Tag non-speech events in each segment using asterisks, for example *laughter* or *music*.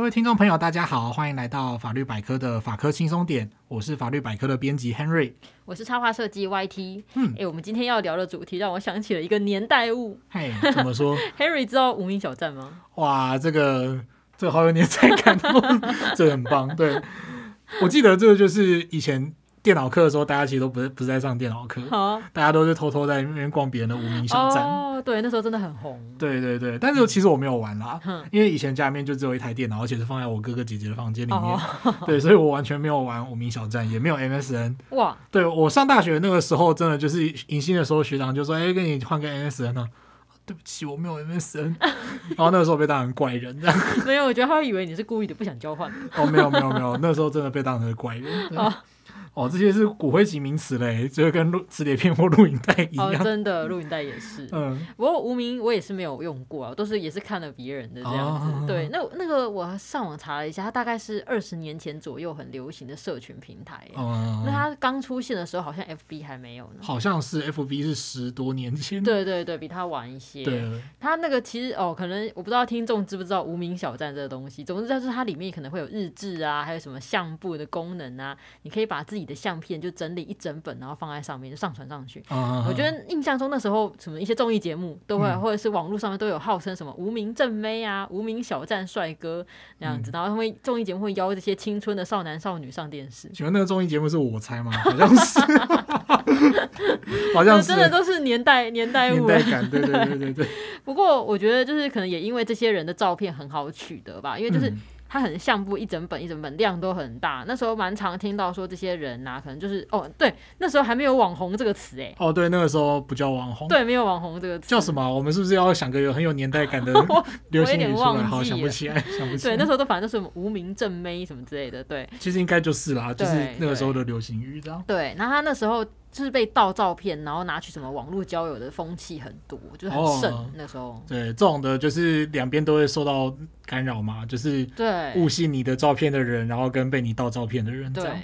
各位聽眾朋友，大家好，歡迎來到法律百科的法科輕鬆點，我是法律百科的編輯 Henry，我是插畫設計 YT。嗯，誒、欸，我們今天要聊的主題讓我想起了一個年代物。嘿，怎麼說 *laughs* ？Henry 知道無名小站嗎？哇，這個，這個好有年代感哦，這 *laughs* 個 *laughs* 很棒。對，我記得這個就是以前。電腦課的時候，大家其實都不在，不在上電腦課、哦，大家都是偷偷在那邊逛別人的無名小站、嗯。哦，對，那時候真的很紅。對對對，但是其實我沒有玩啦，嗯，因為以前家裡面就只有一台電腦，而且是放在我哥哥姐姐的房間裡面、哦。對，所以我完全沒有玩無名小站，也沒有 MSN。哇，對我上大學那個時候，真的就是迎新的時候，學長就說：“哎、欸，跟你換個 MSN 啊。啊，”對不起，我沒有 MSN。 *laughs* 然後那個時候被當成怪人， *laughs* 沒有，我覺得他會以為你是故意的，不想交換。哦，沒有沒有沒有，沒有 *laughs* 那時候真的被當成怪人。對哦哦，這些是骨灰級名詞嘞，就跟錄磁碟片或錄影帶一樣。哦，真的，錄影帶也是。 *laughs* 嗯，不過無名我也是沒有用過啊，都是也是看了別人的這樣子。哦、對，那那個我上網查了一下，它大概是二十年前左右很流行的社群平台。哦。那它剛出現的時候，好像 F B 還沒有呢。好像是 F B 是十多年前。對對對，比它晚一些。對。它那個其實哦，可能我不知道聽眾知不知道無名小站這個東西。總之就是它裡面可能會有日誌啊，還有什麼相簿的功能啊，你可以把自己。你的相片就整理一整本，然後放在上面就上傳上去。我覺得印象中那時候什麼一些綜藝節目都會，或者是網絡上面都有號稱什麼“無名正妹”啊，“無名小站帥哥”這樣子，然後他們綜藝節目會邀這些青春的少男少女上電視、Ah ha ha.。請問那個綜藝節目是我猜嗎？好像是，笑 *laughs* 好像真的都是年代年代物。代感對對對對對,對,對。不過我覺得就是可能也因為這些人的照片很好取得吧，因為就是、嗯。他很像部一整本一整本，量都很大，那時候蠻常聽到說這些人吶、啊，可能就是哦對，那時候還沒有網紅這個詞誒、欸。哦對，那個時候不叫網紅。對，沒有網紅這個詞。叫什麼？我們是不是要想個有很有年代感的流行語出來？ *laughs* 好，想不起來，想不起來。對，那時候都反正都是無名正妹什麼之類的。對，其實應該就是啦，就是那個時候的流行語，這樣。對，那他那時候。就是被盜照片，然後拿去什麼網絡交友的風氣很多，就很盛、哦、那時候。對，這種的就是兩邊都會受到干擾嘛，就是誤信你的照片的人，然後跟被你盜照片的人這樣對。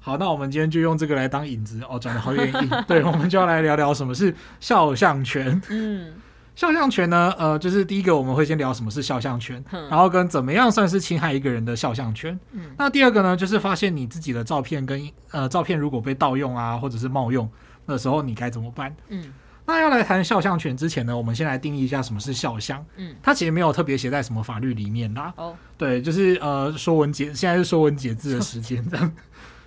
好，那我們今天就用這個來當引子哦，轉得好遠 *laughs* 對，我們就要來聊聊什麼是肖像權。嗯。肖像權呢？呃，就是第一個，我們會先聊什麼是肖像權，然後跟怎麼樣算是侵害一個人的肖像權。嗯，那第二個呢，就是發現你自己的照片跟呃照片如果被盜用啊，或者是冒用，那時候你該怎麼辦？嗯，那要來談肖像權之前呢，我們先來定義一下什麼是肖像。嗯，它其實沒有特別寫在什麼法律裡面啦。哦，對，就是呃，說文解，現在是說文解字的時間。這樣，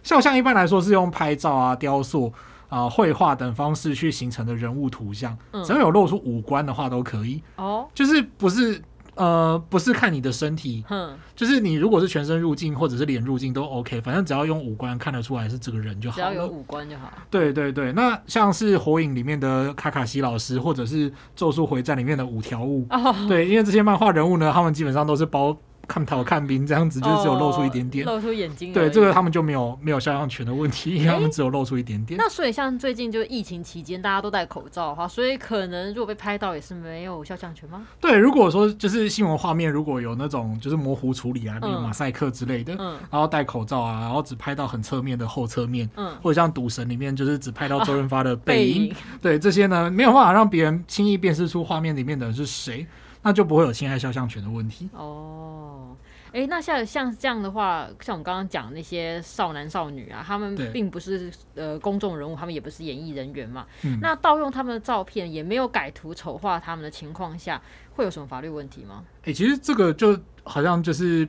肖像一般來說是用拍照啊，雕塑、啊、呃，繪畫等方式去形成的人物圖像，只要有露出五官的話都可以。哦，就是不是呃，不是看你的身體，嗯，就是你如果是全身入鏡或者是臉入鏡都 OK，反正只要用五官看得出來是這個人就好了。只要有五官就好了。對對對，那像是火影裡面的卡卡西老師，或者是咒術回戰裡面的五條悟，對，因為這些漫畫人物呢，他們基本上都是包。看逃、看兵，這樣子就只有露出一點點，露出眼睛。對，這個他們就沒有沒有肖像權的問題，因為他們只有露出一點點。那所以像最近就疫情期間大家都戴口罩的話，所以可能如果被拍到也是沒有肖像權嗎？對，如果說就是新聞畫面如果有那種就是模糊處理啊，比如馬賽克之類的，然後戴口罩啊，然後只拍到很側面的後側面，或者像賭神裡面就是只拍到周潤發的背影，對，這些呢，沒有辦法讓別人輕易辨識出畫面裡面的是誰。那就不會有侵害肖像權的問題哦。哎、欸，那像像這樣的話，像我剛剛講那些少男少女啊，他們並不是呃公眾人物，他們也不是演藝人員嘛。嗯，那盜用他們的照片，也沒有改圖醜化他們的情況下，會有什麼法律問題嗎？哎、欸，其實這個就好像就是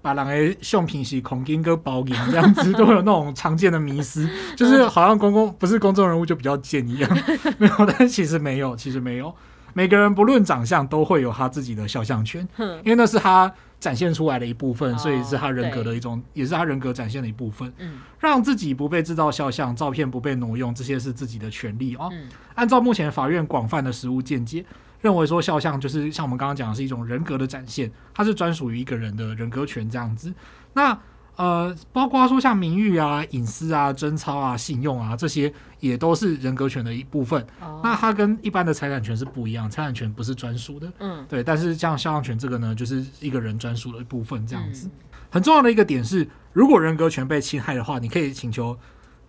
把兩個用品是框金跟包銀這樣子， *laughs* 都有那種常見的迷思， *laughs* 就是好像公公不是公眾人物就比較賤一樣， *laughs* 沒有，但其實沒有，其實沒有。每個人不論長相都會有他自己的肖像權，因為那是他展現出來的一部分，所以是他人格的一種，也是他人格展現的一部分。讓自己不被制造肖像照片，不被挪用，這些是自己的權利哦。按照目前法院廣泛的實務見解認為說，肖像就是像我們剛剛講的是一種人格的展現，它是專屬於一個人的人格權這樣子。那呃，包括說像名譽啊、隱私啊、貞操啊、信用啊這些，也都是人格權的一部分。哦、那它跟一般的財產權是不一樣，財產權不是專屬的。嗯，對。但是像肖像權這個呢，就是一個人專屬的一部分，這樣子、嗯。很重要的一個點是，如果人格權被侵害的話，你可以請求，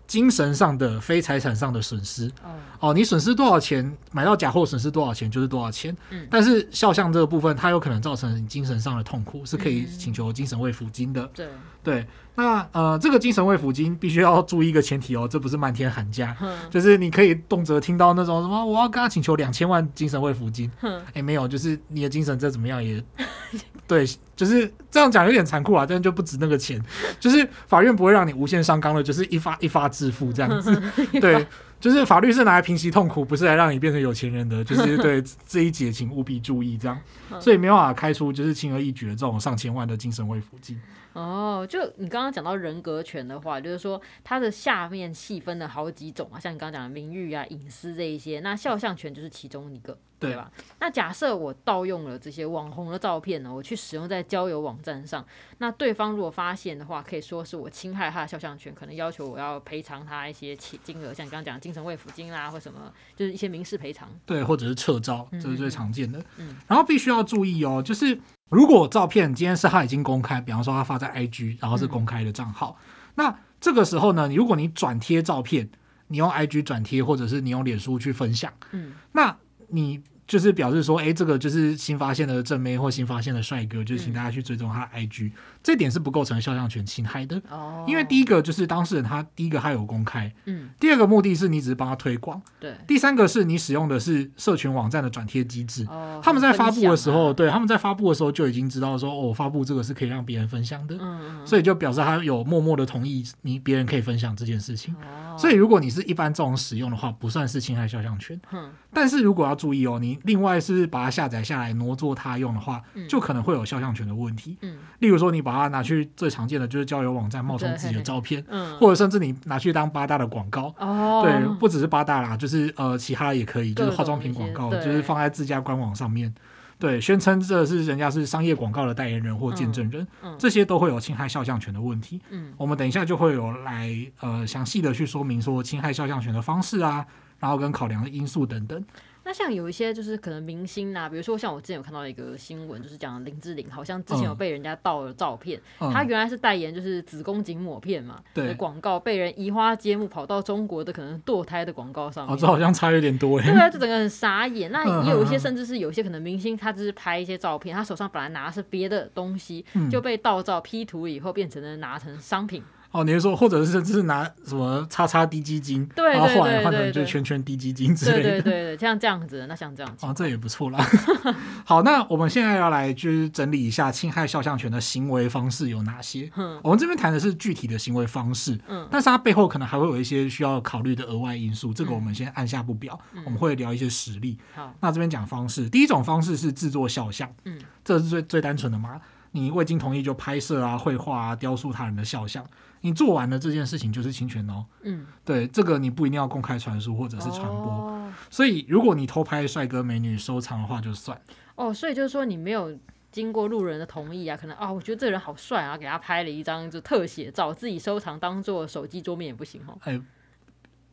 精神上的非財產上的損失，哦，哦你損失多少錢，買到假貨損失多少錢就是多少錢，嗯。但是肖像這個部分，它有可能造成你精神上的痛苦，是可以請求精神慰撫金的。嗯，對，對，那呃，這個精神慰撫金必須要注意一個前提哦，這不是漫天喊價，就是你可以動輒聽到那種什麼我要跟他請求兩千萬精神慰撫金。哎，欸，沒有，就是你的精神再怎麼樣也。呵呵對，就是這樣講有點殘酷啊，但就不值那個錢。就是法院不會讓你無限上綱的，就是一發一發致富這樣子。對，就是法律是拿來平息痛苦，不是來讓你變成有錢人的。就是對這一節，請務必注意這樣。所以沒有辦法開出就是輕而易舉的這種上千萬的精神慰撫金哦。就你剛剛講到人格權的話，就是說它的下面細分了好幾種啊，像你剛剛講的名譽啊、隱私這一些，那肖像權就是其中一個，對，對吧？那假設我盜用了這些網紅的照片呢，我去使用在交友網站上，那對方如果發現的話，可以說是我侵害他的肖像權，可能要求我要賠償他一些錢金額，像你剛剛講的精神慰撫金啦、啊，或什麼就是一些民事賠償，對，或者是撤照、嗯，這是最常見的。嗯，然後必須要。要注意哦，就是如果照片今天是他已經公開，比方說他發在 IG，然後是公開的賬號，嗯，那這個時候呢，如果你轉貼照片，你用 IG 轉貼，或者是你用臉書去分享，嗯，那你。就是表示說，哎、欸，這個就是新發現的正妹或新發現的帥哥，就請大家去追蹤他的 IG、嗯。這點是不構成肖像權侵害的，哦。因為第一個就是當事人他第一個他有公開，嗯。第二個目的是你只是幫他推廣，對。第三個是你使用的是社群網站的轉貼機制、哦，他們在發布的時候，啊、對他們在發布的時候就已經知道說，哦，我發布這個是可以讓別人分享的，嗯，嗯。所以就表示他有默默的同意你別人可以分享這件事情、哦，所以如果你是一般這種使用的話，不算是侵害肖像權，嗯、但是如果要注意哦，你另外是把它下載下來挪作他用的話，就可能會有肖像權的問題、嗯。例如說你把它拿去，最常見的就是交友網站冒充自己的照片，嘿嘿嗯、或者甚至你拿去當八大的廣告、哦。對，不只是八大啦，就是呃，其他也可以，對對對，就是化妝品廣告，就是放在自家官網上面，對，對對宣稱這是人家是商業廣告的代言人或見證人，嗯嗯、這些都會有侵害肖像權的問題、嗯。我們等一下就會有來呃詳細的去說明說侵害肖像權的方式啊，然後跟考量的因素等等。那像有一些就是可能明星啊，比如說像我之前有看到一個新聞，就是講林志玲好像之前有被人家盜的照片，嗯嗯，他原來是代言就是子宮頸抹片嘛對的廣告，被人移花接木跑到中國的可能墮胎的廣告上，啊，這好像差有點多耶對啊，就整個很傻眼。 *laughs* 那也有一些甚至是有些可能明星，他只是拍一些照片，他手上本來拿的是別的東西，嗯，就被盜照 P 圖以後變成了拿成商品。哦，你是說，或者是這是拿什麼叉叉滴雞精？對對對對對對，然後換來換成就圈圈滴雞精之類的，對對對，對，像這樣子的，那像這樣子，哦，這也不錯啦。 *laughs* 好，那我們現在要來就是整理一下侵害肖像權的行為方式有哪些。嗯。我們這邊談的是具體的行為方式，嗯，但是它背後可能還會有一些需要考慮的額外因素，嗯、這個我們先按下不表。嗯，我們會聊一些實例、嗯。好，那這邊講方式，第一種方式是制作肖像，嗯，這是最最單純的嘛，你未經同意就拍攝啊、繪畫啊、雕塑他人的肖像。你做完了這件事情就是侵權哦。嗯，對，這個你不一定要公開傳輸或者是傳播，哦，所以如果你偷拍帥哥美女收藏的話就算。哦，所以就是說你沒有經過路人的同意啊，可能啊，哦，我覺得這人好帥啊，給他拍了一張就特寫照，自己收藏當做手機桌面也不行哦。哎，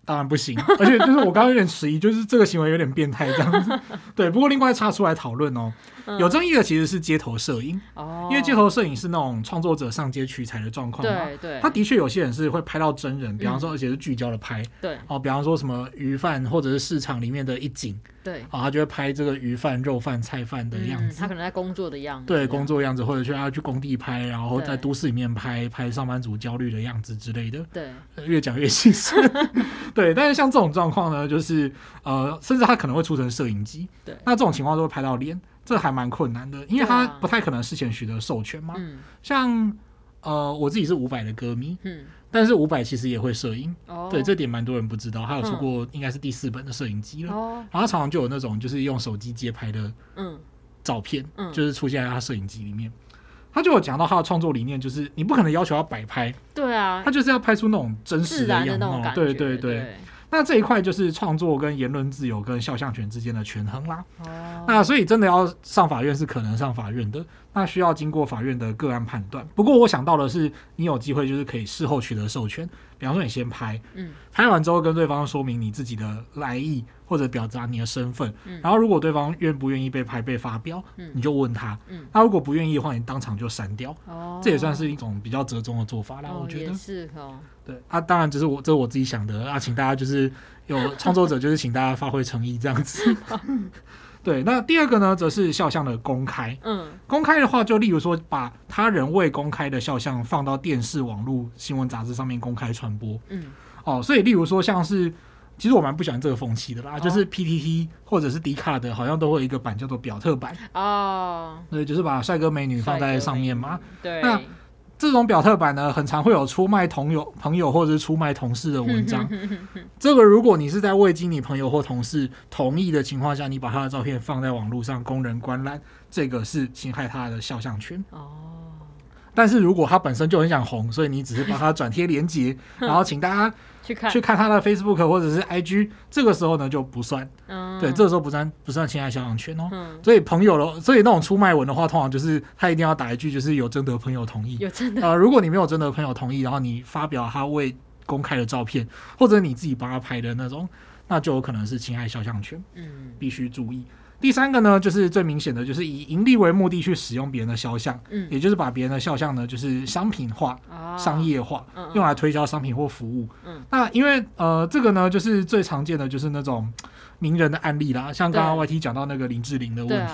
當然不行，而且就是我剛剛有點遲疑， *laughs* 就是這個行為有點變態這樣子。對，不過另外插出來討論哦。嗯、有爭議的其實是街頭攝影、哦、因為街頭攝影是那種創作者上街取材的狀況，他的確有些人是會拍到真人、嗯，比方說而且是聚焦的拍，對，哦，比方說什麼魚販或者是市場裡面的一景，對，啊、哦，他就會拍這個魚販、肉販、菜販的樣子、嗯，他可能在工作的樣子，對，對工作樣子，或者去他去工地拍，然後在都市裡面拍拍上班族焦慮的樣子之類的，對，呃、越講越細碎， *laughs* 對，但是像這種狀況呢，就是呃，甚至他可能會出成攝影機，對，那這種情況都會拍到臉。這還蠻困難的，因為他不太可能事前取得授權嘛。啊嗯、像呃，我自己是五百的歌迷，嗯，但是五百其實也會攝影、哦，對，這點蠻多人不知道。他有出過，應該是第四本的攝影機了。哦、然後他常常就有那種就是用手機街拍的，照片、嗯，就是出現在他攝影機裡面。嗯嗯、他就有講到他的創作理念，就是你不可能要求他擺拍，對啊，他就是要拍出那種真實的樣貌那種對,對對對。對那這一塊就是創作跟言論自由跟肖像權之間的權衡啦。哦，那所以真的要上法院是可能上法院的，那需要經過法院的個案判斷。不過我想到的是，你有機會就是可以事後取得授權，比方說你先拍，嗯，拍完之後跟對方說明你自己的來意。或者表達你的身份、嗯，然後如果對方願不願意被拍被發表、嗯，你就問他，他、嗯啊、如果不願意的話，你當場就刪掉、哦。這也算是一種比較折中的做法啦。哦、我覺得是、哦、對啊，當然，就是我這是我自己想的啊，請大家就是有創作者，就是請大家發揮誠意這樣子。 *laughs* *laughs* 對，那第二個呢，則是肖像的公開。嗯，公開的話，就例如說，把他人未公開的肖像放到電視、網絡、新聞、雜誌上面公開傳播。嗯，哦，所以例如說，像是。其實我蠻不喜歡這個風氣的啦，oh. 就是 PTT 或者是迪卡的，好像都會有一個版叫做表特版哦。Oh. 對，就是把帥哥美女放在上面嘛。對，那這種表特版呢，很常會有出賣朋友、朋友或者是出賣同事的文章。 *laughs* 這個如果你是在未經你朋友或同事同意的情況下，你把他的照片放在網絡上供人觀覽，這個是侵害他的肖像權哦。Oh. 但是如果他本身就很想紅，所以你只是幫他轉貼鏈接， *laughs* 然後請大家去看去看他的 Facebook 或者是 IG，這個時候呢就不算，嗯、對，這個時候不算不算侵害肖像權哦。嗯、所以朋友的，所以那種出賣文的話，通常就是他一定要打一句，就是有徵得朋友同意。有徵得啊、呃，如果你沒有徵得朋友同意，然後你發表他未公開的照片，或者你自己幫他拍的那種，那就有可能是侵害肖像權，嗯，必須注意。嗯嗯第三個呢，就是最明顯的就是以盈利為目的去使用別人的肖像，嗯、也就是把別人的肖像呢，就是商品化、啊、商業化，嗯嗯、用來推銷商品或服務。嗯、那因為呃，這個呢，就是最常見的就是那種名人的案例啦，像剛剛 Y T 講到那個林志玲的問題。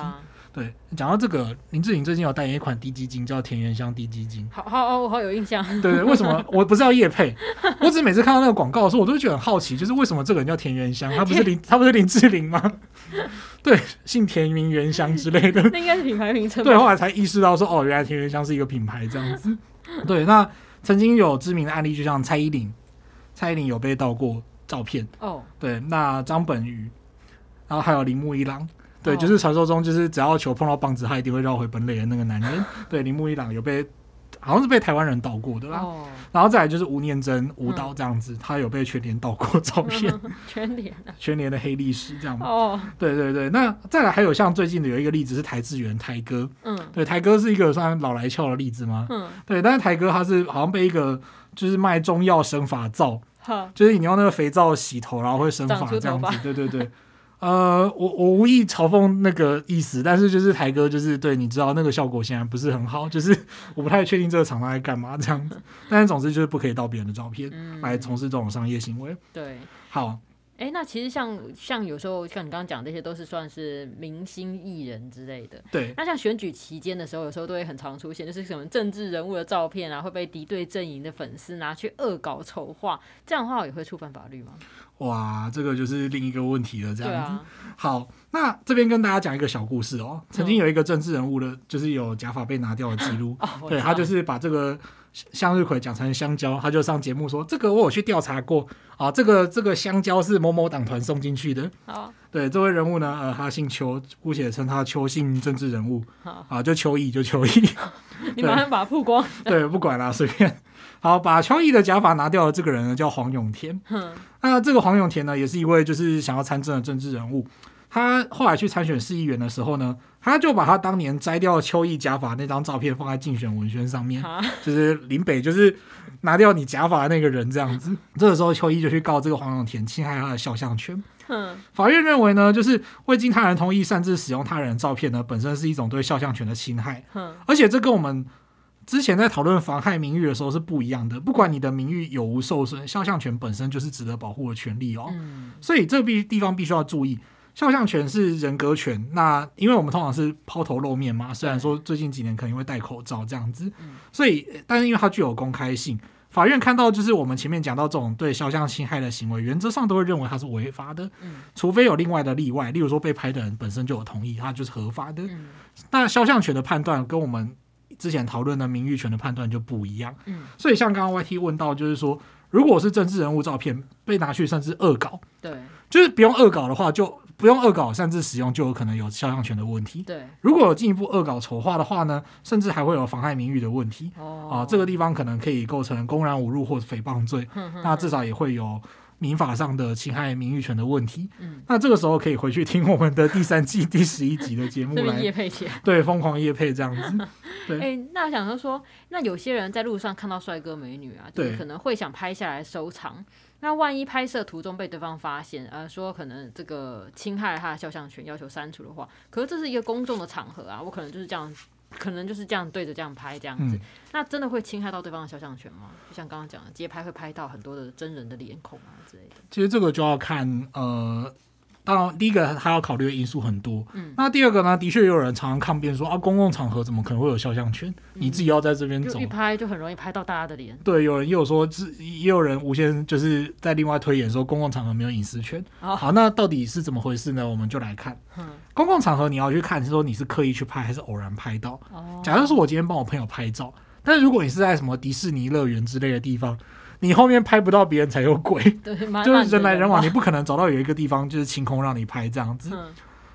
對，講到這個，林志玲最近有代言一款滴雞精，叫田原香滴雞精。好，好，好，我好有印象。對，為什麼我不知道業配？ *laughs* 我只每次看到那個廣告的時候，我都覺得很好奇，就是為什麼這個人叫田原香？他不是林， *laughs* 他不是林志玲嗎？ *laughs* 對，姓田名原香之類的。 *laughs* 那應該是品牌名稱。對，後來才意識到說，哦，原來田原香是一個品牌這樣子。 *laughs* 對，那曾經有知名的案例，就像蔡依林，蔡依林有被盜過照片。哦、oh.，對，那張本渝，然後還有鈴木一郎。對，就是傳說中，就是只要球碰到棒子，他一定會繞回本壘的那個男人。Oh. 對，鈴木一朗有被，好像是被台灣人盜過對吧？Oh. 然後再來就是吳念真、吳導這樣子，嗯，他有被全聯盜過照片。嗯，全聯。全聯的黑歷史這樣子。oh. 對對對，那再來還有像最近的有一個例子是邰智源，邰哥，嗯。對，邰哥是一個算老來俏的例子嗎？嗯，對，但是邰哥他是好像被一個就是賣中藥生髮皂，就是你用那個肥皂洗頭然後會生髮這樣子，對，對對對。 *laughs* 呃，我我無意嘲諷那個意思，但是就是台哥就是對，你知道那個效果顯然不是很好，就是我不太確定這個廠商在幹嘛這樣子，但是總之就是不可以盜別人的照片來從事這種商業行為。嗯、對，好。哎、欸，那其實像像有時候像你剛剛講這些，都是算是明星藝人之類的。對。那像選舉期間的時候，有時候都會很常出現，就是什麼政治人物的照片啊，會被敵對陣營的粉絲拿去惡搞醜化，這樣的話也會觸犯法律嗎？哇，這個就是另一個問題了。這樣子。啊、好，那這邊跟大家講一個小故事哦。曾經有一個政治人物的，哦、就是有假髮被拿掉的記錄、哦。對，他就是把這個。向日葵講成香蕉，他就上節目說：“這個我有去調查過啊，這個這個香蕉是某某黨團送進去的。”對這位人物呢，呃、他姓邱，姑且稱他邱姓政治人物。啊，就邱毅，就邱毅。你馬上把他曝光對、啊。對，不管了，隨便。好，把邱毅的假髮拿掉了。這個人呢叫黃永田。那、嗯啊、這個黃永田呢，也是一位就是想要參政的政治人物。他後來去參選市議員的時候呢，他就把他當年摘掉邱毅假髮那張照片放在競選文宣上面，就是林北就是拿掉你假髮的那個人這樣子。嗯、這個時候，邱毅就去告這個黃永田侵害他的肖像權。法院認為呢，就是未經他人同意擅自使用他人的照片呢，本身是一種對肖像權的侵害。而且這跟我們之前在討論妨害名譽的時候是不一樣的。不管你的名譽有無受損，肖像權本身就是值得保護的權利哦、嗯。所以這個必須地方必須要注意。肖像權是人格權，那因為我們通常是拋頭露面嘛，雖然說最近幾年可能會戴口罩這樣子，所以但是因為它具有公開性，嗯，法院看到就是我們前面講到這種對肖像侵害的行為，原則上都會認為它是違法的，嗯，除非有另外的例外，例如說被拍的人本身就有同意，它就是合法的，嗯。那肖像權的判斷跟我們之前討論的名譽權的判斷就不一樣，嗯，所以像剛剛 YT 問到，就是說如果是政治人物照片被拿去甚至惡搞，對，就是不用惡搞的話就。不用惡搞，擅自使用就有可能有肖像權的問題。對，如果有進一步惡搞醜化的話呢，甚至還會有妨害名譽的問題。哦，啊，這個地方可能可以構成公然侮辱或者誹謗罪，哼哼。那至少也會有，民法上的侵害名譽權的問題，嗯，那這個時候可以回去聽我們的第三季、嗯、第十一集的節目來業對，瘋狂業配這樣子。對、欸，那我想說說，那有些人在路上看到帥哥美女啊，對、就是，可能會想拍下來收藏。那萬一拍攝途中被對方發現，呃，說可能這個侵害他的肖像權，要求刪除的話，可是這是一個公眾的場合啊，我可能就是這樣。可能就是這樣對着這樣拍這樣子，嗯，那真的會侵害到對方的肖像權嗎？就像剛剛講的，街拍會拍到很多的真人的臉孔啊之類的，其實這個就要看呃。當然，第一個他要考慮的因素很多。嗯，那第二個呢？的確，也有人常常抗辯說啊，公共場合怎麼可能會有肖像權、嗯？你自己要在這邊走，一拍就很容易拍到大家的臉。對，有人也有說，也有人無限就是在另外推演說，公共場合沒有隱私權、哦。好，那到底是怎麼回事呢？我們就來看。嗯、公共場合你要去看，是說你是刻意去拍，還是偶然拍到？哦、假設是我今天幫我朋友拍照，但是如果你是在什麼迪士尼樂園之類的地方。你後面拍不到別人才有鬼。對，就是人來人往，你不可能找到有一個地方就是清空讓你拍這樣子，嗯。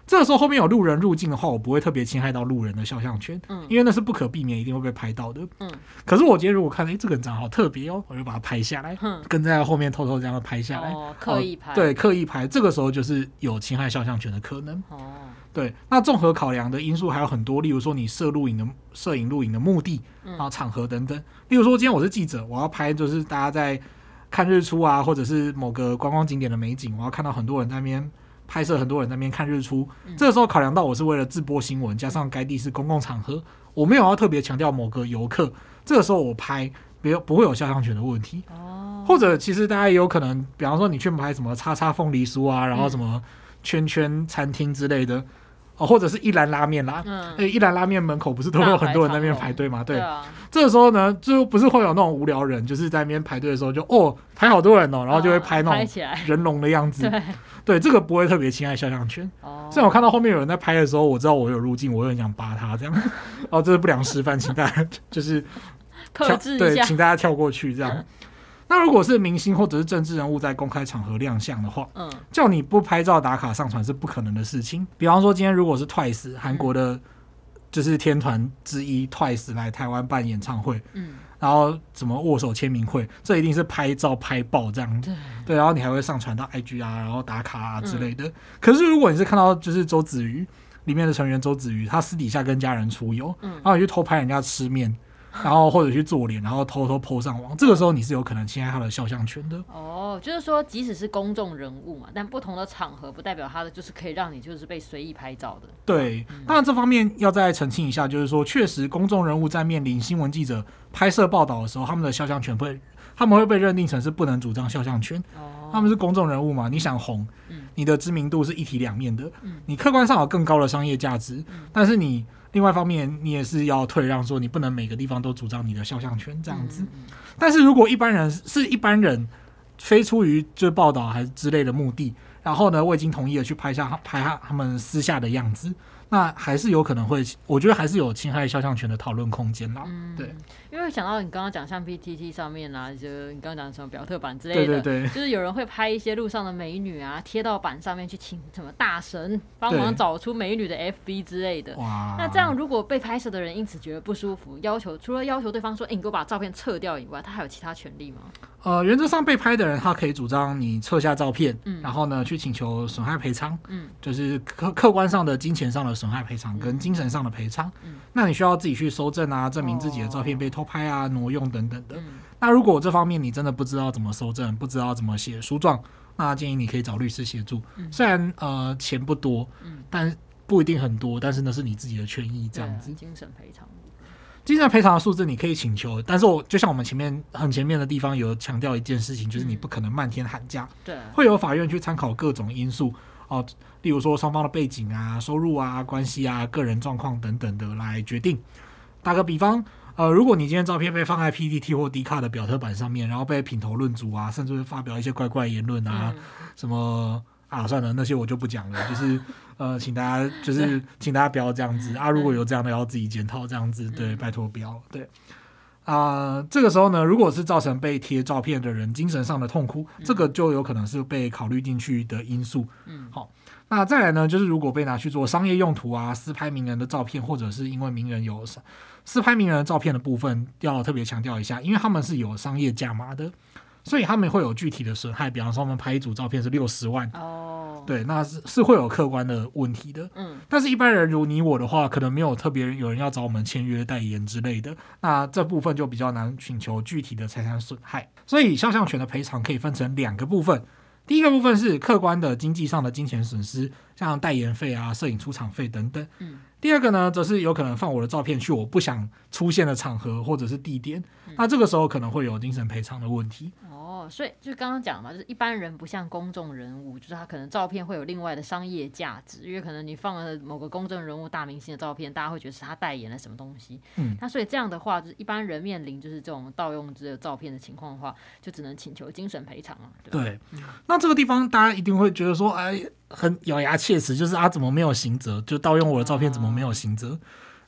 這個時候後面有路人入境的話，我不會特別侵害到路人的肖像權，嗯、因為那是不可避免一定會被拍到的。嗯、可是我今天如果看哎、欸、這個人長得好特別哦，我就把它拍下來，嗯、跟在後面偷偷這樣拍下來，哦、刻意拍，呃，對，刻意拍。這個時候就是有侵害肖像權的可能，哦對，那綜合考量的因素還有很多，例如說你攝錄影的攝影錄影的目的，然後場合等等。例如說，今天我是記者，我要拍就是大家在看日出啊，或者是某個觀光景點的美景，我要看到很多人在那邊拍攝，很多人在那邊看日出，嗯。這個時候考量到我是為了直播新聞，加上該地是公共場合，我沒有要特別強調某個遊客。這個時候我拍，不不會有肖像權的問題。或者其實大家也有可能，比方說你去拍什麼叉叉鳳梨酥啊，然後什麼圈圈餐廳之類的。哦，或者是一蘭拉麵啦，嗯、一蘭拉麵門口不是都會有很多人在那邊排隊嗎？嗯、對，對、啊、這個時候呢，就不是會有那種無聊人，就是在那邊排隊的時候就，就哦，排好多人哦，然後就會拍那種人龍的樣子。嗯、對，對這個不會特別侵害肖像權。哦，雖然我看到後面有人在拍的時候，我知道我有入鏡，我很想扒他這樣。 *laughs* 哦，這是不良示範， *laughs* 請大家就是跳對，請大家跳過去這樣。嗯那如果是明星或者是政治人物在公開場合亮相的話，嗯，叫你不拍照打卡上傳是不可能的事情。比方說今天如果是 TWICE 韓國的，就是天團之一 TWICE 來台灣辦演唱會，嗯，然後怎麼握手簽名會，這一定是拍照拍爆這樣子，對，然後你還會上傳到 IG 啊，然後打卡啊之類的。可是如果你是看到就是周子瑜裡面的成員周子瑜，他私底下跟家人出遊，嗯，然後你去偷拍人家吃麵。 *laughs* 然後或者去做臉，然後偷偷 PO 上網，這個時候你是有可能侵害他的肖像權的。哦，就是說，即使是公眾人物嘛，但不同的場合，不代表他的就是可以讓你就是被隨意拍照的。對，當、嗯、然這方面要再澄清一下，就是說，確實公眾人物在面臨新聞記者拍攝報道的時候，他們的肖像權會，他們會被認定成是不能主張肖像權。哦，他們是公眾人物嘛，你想紅，嗯、你的知名度是一體兩面的、嗯，你客觀上有更高的商業價值，嗯、但是你。另外一方面，你也是要退讓，說你不能每個地方都主張你的肖像權這樣子。但是如果一般人是一般人，非出於就報道還是之類的目的，然後呢，未經同意的去拍下拍下他們私下的樣子。那還是有可能會，我覺得還是有侵害肖像權的討論空間啦、嗯。對，因為想到你剛剛講，像 PTT 上面啊，就你剛剛講什麼表特版之類的，對對對，就是有人會拍一些路上的美女啊，貼到板上面去，請什麼大神幫忙找出美女的 FB 之類的。哇，那這樣如果被拍攝的人因此覺得不舒服，要求除了要求對方說，欸、你給我把照片撤掉以外，他還有其他權利嗎？呃，原則上被拍的人他可以主張你撤下照片，嗯、然後呢去請求損害賠償，嗯，就是客客觀上的金錢上的損害賠償跟精神上的賠償、嗯。那你需要自己去蒐證啊、嗯，證明自己的照片被偷拍啊、哦、挪用等等的、嗯。那如果這方面你真的不知道怎麼蒐證，不知道怎麼寫訴狀，那建議你可以找律師協助、嗯。雖然呃錢不多、嗯，但不一定很多，但是那是你自己的權益，這樣子。精神賠償。精神賠償的數字你可以請求，但是我就像我們前面很前面的地方有強調一件事情，就是你不可能漫天喊價、嗯，對，會有法院去參考各種因素哦、呃，例如說雙方的背景啊、收入啊、關係啊、個人狀況等等的來決定。打個比方，呃，如果你今天照片被放在 PTT 或 Dcard 的表特板上面，然後被品頭論足啊，甚至會發表一些怪怪言論啊，嗯、什麼。啊，算了，那些我就不講了。就是呃，請大家就是 *laughs* 請大家不要這樣子啊。如果有這樣的，要自己檢討這樣子。對，拜託不要。對啊、呃，這個時候呢，如果是造成被貼照片的人精神上的痛苦，這個就有可能是被考慮進去的因素。嗯，好、哦。那再來呢，就是如果被拿去做商業用途啊，私拍名人的照片，或者是因為名人有私拍名人的照片的部分，要特別強調一下，因為他們是有商業價碼的。所以他們會有具體的損害，比方說我們拍一組照片是六十萬，哦、oh，對，那是是會有客觀的問題的，嗯，但是一般人如你我的話，可能沒有特別有人要找我們簽約代言之類的，那這部分就比較難請求具體的財產損害。所以肖像權的賠償可以分成兩個部分，第一個部分是客觀的經濟上的金錢損失，像代言費啊、攝影出場費等等，嗯，第二個呢，則是有可能放我的照片去我不想出現的場合或者是地點。那這個時候可能會有精神賠償的問題。哦，所以就是剛剛講嘛，就是一般人不像公眾人物，就是他可能照片會有另外的商業價值，因為可能你放了某個公眾人物、大明星的照片，大家會覺得是他代言了什麼東西。嗯，那所以這樣的話，就是一般人面臨就是這種盜用這個照片的情況的話，就只能請求精神賠償啊。對，對、嗯，那這個地方大家一定會覺得說，哎，很咬牙切齒，就是他、啊、怎麼沒有刑責？就盜用我的照片，怎麼沒有刑責、啊？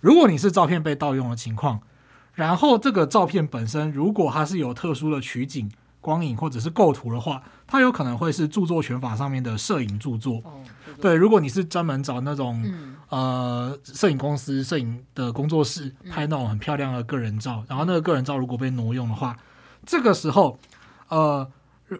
如果你是照片被盜用的情況。然後這個照片本身，如果它是有特殊的取景、光影或者是構圖的話，它有可能會是著作權法上面的攝影著作。對，如果你是專門找那種、嗯、呃攝影公司、攝影的工作室拍那種很漂亮的個人照，嗯、然後那個個人照如果被挪用的話，這個時候呃，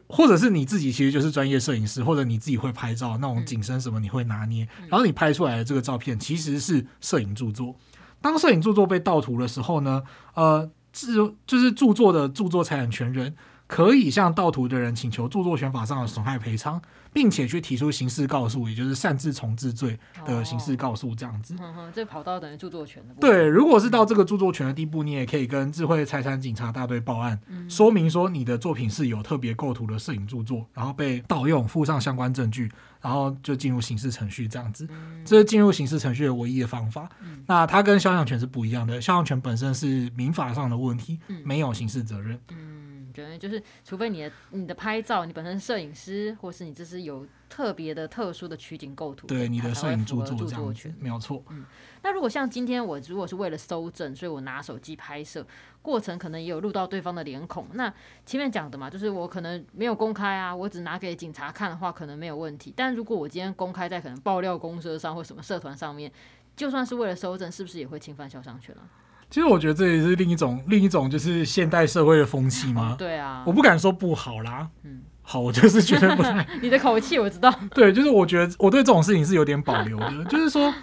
或者是你自己其實就是專業攝影師，或者你自己會拍照，那種景深什麼你會拿捏，然後你拍出來的這個照片其實是攝影著作。當攝影著作被盜圖的時候呢，呃，自由就是著作的著作財產權人可以向盜圖的人請求著作權法上的損害賠償。並且去提出刑事告訴，也就是擅自重制罪的刑事告訴，這樣子。哦、呵呵這跑到等於著作權的。對，如果是到這個著作權的地步，你也可以跟智慧財產警察大隊報案、嗯，說明說你的作品是有特別構圖的攝影著作，然後被盜用，附上相關證據，然後就進入刑事程序這樣子。嗯、這是進入刑事程序的唯一的方法、嗯。那它跟肖像權是不一樣的，肖像權本身是民法上的問題，沒有刑事責任。嗯嗯就是，除非你的你的拍照，你本身攝影師，或是你這是有特別的特殊的取景構圖，對你的攝影著作，才符合著作權沒有錯。嗯，那如果像今天我如果是為了搜證，所以我拿手機拍攝，過程可能也有錄到對方的臉孔。那前面講的嘛，就是我可能沒有公開啊，我只拿給警察看的話，可能沒有問題。但如果我今天公開在可能爆料公社上或什麼社團上面，就算是為了搜證，是不是也會侵犯肖像權了、啊？其實我覺得這也是另一種另一種就是現代社會的風氣嗎、嗯？對啊，我不敢說不好啦。嗯，好，我就是覺得不太。 *laughs* 你的口氣我知道。對，就是我覺得我對這種事情是有點保留的。 *laughs* 就是說，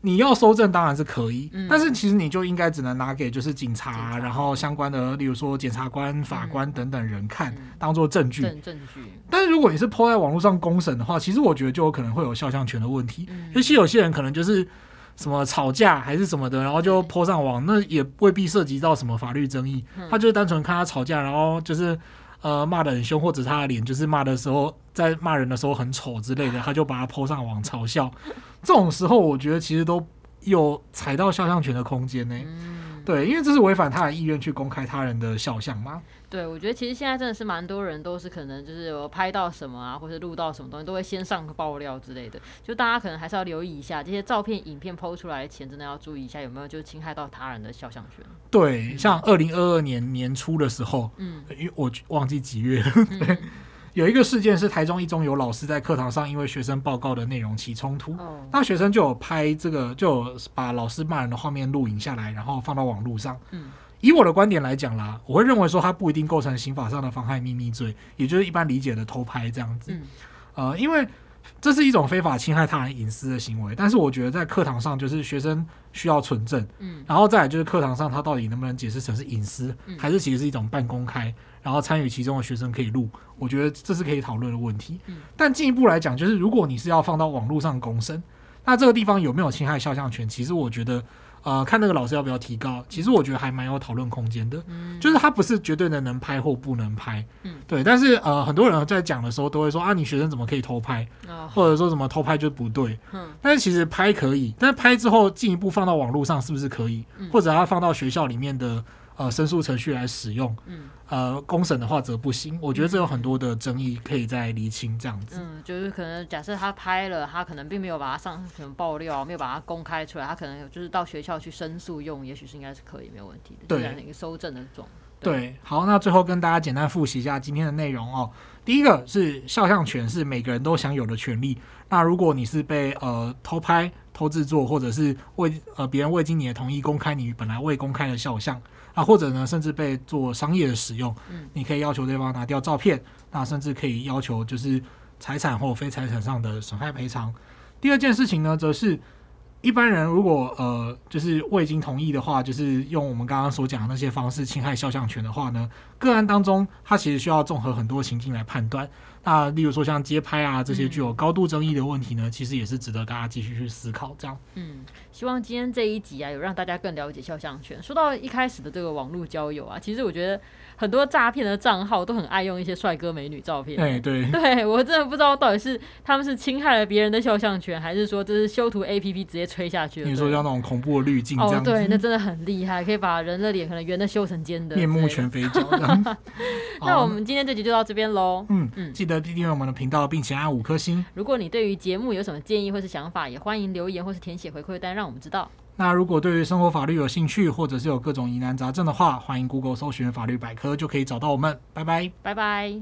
你要搜證當然是可以、嗯，但是其實你就應該只能拿給就是警察，警察，然後相關的，例如說檢察官、法官等等人看，嗯、當做證、證據。但是如果你是 po 在網絡上公審的話，其實我覺得就有可能會有肖像權的問題，尤、嗯、其實有些人可能就是。什麼吵架還是什麼的，然後就 po 上網，那也未必涉及到什麼法律爭議。他就是單純看他吵架，然後就是呃罵得很凶，或者是他的臉就是罵的時候在罵人的時候很醜之類的，他就把他 po 上網嘲笑。這種時候，我覺得其實都有踩到肖像權的空間呢、欸。對，因為這是違反他人意願去公開他人的肖像嗎？對，我覺得其實現在真的是蠻多人都是可能就是有拍到什麼啊，或是錄到什麼東西，都會先上個爆料之類的。就大家可能還是要留意一下，這些照片、影片 PO 出來前，真的要注意一下有沒有就是侵害到他人的肖像權。對，像二零二二年年初的時候，嗯，因為我忘記幾月了。有一個事件是台中一中有老師在課堂上因為學生報告的內容起衝突，oh. 那學生就有拍這個，就有把老師罵人的畫面錄影下來，然後放到網絡上。嗯。以我的觀點來講啦，我會認為說他不一定構成刑法上的妨害祕密罪，也就是一般理解的偷拍這樣子。嗯。呃，因為。這是一種非法侵害他人隱私的行為，但是我覺得在課堂上，就是學生需要存證。嗯，然後再來就是課堂上他到底能不能解釋成是隱私，嗯、還是其實是一種半公開，然後參與其中的學生可以錄，我覺得這是可以討論的問題。嗯、但進一步來講，就是如果你是要放到網絡上公審，那這個地方有沒有侵害肖像權？其實我覺得。呃，看那個老師要不要提高，其實我覺得還蠻有討論空間的。嗯、就是他不是絕對的能，能拍或不能拍。嗯、對，但是呃，很多人在講的時候都會說啊，你學生怎麼可以偷拍？啊，或者說怎麼偷拍就不對。嗯、哦，但是其實拍可以，但是拍之後進一步放到網絡上是不是可以？嗯、或者他放到學校裡面的呃申訴程序來使用？嗯。呃，公審的話，則不行，我覺得這有很多的爭議可以再釐清這樣子。嗯，就是可能假設他拍了，他可能並沒有把它上傳爆料，沒有把它公開出來，他可能就是到學校去申訴用，也許是應該是可以沒有問題的。對，一個蒐證的狀。對，好，那最後跟大家簡單複習一下今天的內容哦。第一個是肖像權是每個人都享有的權利。那如果你是被呃偷拍、偷製作，或者是未呃別人未經你的同意公開你本來未公開的肖像。啊，或者呢，甚至被做商業的使用，你可以要求對方拿掉照片，那甚至可以要求就是財產或非財產上的損害賠償。第二件事情呢，則是一般人如果呃就是未經同意的話，就是用我們剛剛所講的那些方式侵害肖像權的話呢，個案當中它其實需要綜合很多情境來判斷。那、啊，例如說像街拍啊這些具有高度爭議的問題呢，嗯、其實也是值得大家繼續去思考。這樣，嗯，希望今天這一集啊，有讓大家更了解肖像權。說到一開始的這個網絡交友啊，其實我覺得很多詐騙的賬號都很愛用一些帥哥美女照片。對、欸，對，對，我真的不知道到底是他們是侵害了別人的肖像權，還是說這是修圖 APP 直接吹下去了，你說像那種恐怖的濾鏡？哦，對，那真的很厲害，可以把人的臉可能圓的修成尖的，面目全非。哈 *laughs* 那我們今天這集就到這邊嘍。嗯嗯，記得。訂閱我們的頻道，並且按五顆星。如果你對於節目有什麼建議或是想法，也歡迎留言或是填寫回饋單，讓我們知道。那如果對於生活法律有興趣，或者是有各種疑難雜症的話，歡迎 Google 搜尋法律百科，就可以找到我們。拜拜，拜拜。